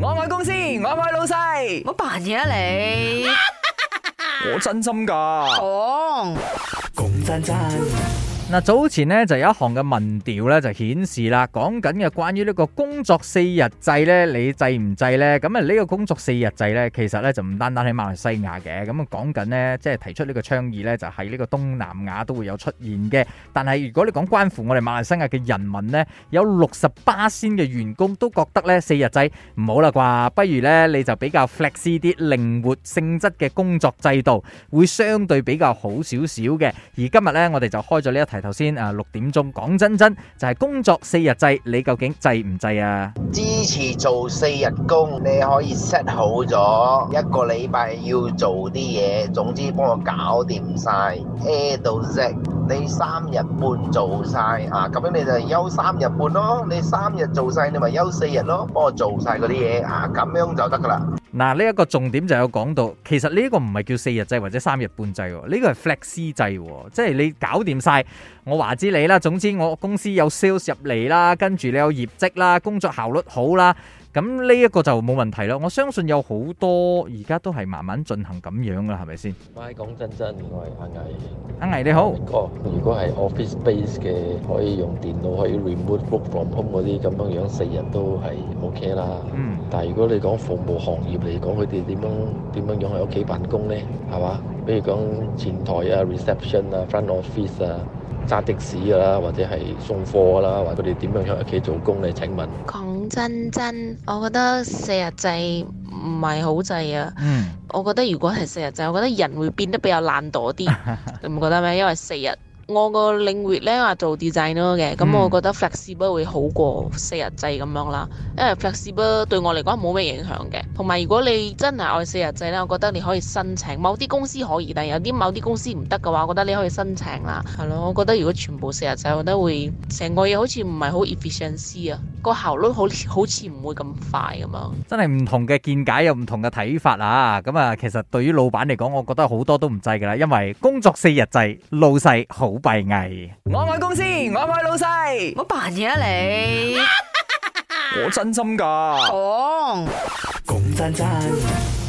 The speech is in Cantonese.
我搵公司，我搵老細，我扮嘢啊你！ 我真心㗎，講講真真。嗱，早前咧就有一項嘅民調咧就顯示啦，講緊嘅關於呢個工作四日制咧，你制唔制呢？咁啊，呢個工作四日制咧，其實咧就唔單單喺馬來西亞嘅，咁啊講緊咧，即係提出呢個倡議咧，就喺呢個東南亞都會有出現嘅。但係如果你講關乎我哋馬來西亞嘅人民咧，有六十八仙嘅員工都覺得呢四日制唔好啦啩，不如呢，你就比較 flexy 啲，靈活性質嘅工作制度會相對比較好少少嘅。而今日呢，我哋就開咗呢一題。頭先啊，六點鐘講真真就係工作四日制，你究竟制唔制啊？支持做四日工，你可以 set 好咗一個禮拜要做啲嘢，總之幫我搞掂晒 A 到 Z，你三日半做晒啊，咁樣你就休三日半咯。你三日做晒，你咪休四日咯，幫我做晒嗰啲嘢啊，咁樣就得㗎喇。嗱，呢一個重點就有講到，其實呢一個唔係叫四日制或者三日半制喎，呢個係 flex 制喎，即係你搞掂晒，我話之你啦。總之我公司有 sales 入嚟啦，跟住你有業績啦，工作效率好啦。咁呢一個就冇問題咯，我相信有好多而家都係慢慢進行咁樣噶，係咪先？快講真真，我係阿魏。阿魏你好，如果係 office base 嘅，可以用電腦可以 remote work from home 嗰啲咁樣樣，四日都係 ok 啦。嗯。但係如果你講服務行業嚟講，佢哋點樣點樣樣喺屋企辦公咧？係嘛？譬如講前台啊、reception 啊、front office 啊。揸的士㗎啦，或者係送貨啦，或者你點樣喺屋企做工咧？請問，講真真，我覺得四日制唔係好制啊。嗯，我覺得如果係四日制，我覺得人會變得比較懶惰啲， 你唔覺得咩？因為四日。我個領域咧話做 design 咯嘅，咁我覺得 flexible 會好過四日制咁樣啦，因為 flexible 對我嚟講冇咩影響嘅。同埋如果你真係愛四日制咧，我覺得你可以申請，某啲公司可以，但有啲某啲公司唔得嘅話，我覺得你可以申請啦。係咯，我覺得如果全部四日制，我覺得會成個嘢好似唔係好 efficiency 啊，個效率好似好似唔會咁快咁樣。真係唔同嘅見解，有唔同嘅睇法啊！咁啊，其實對於老闆嚟講，我覺得好多都唔制㗎啦，因為工作四日制老細好。扮藝，我愛公司，我愛老細，我扮嘢啊你， 我真心噶，講講、哦、民真真。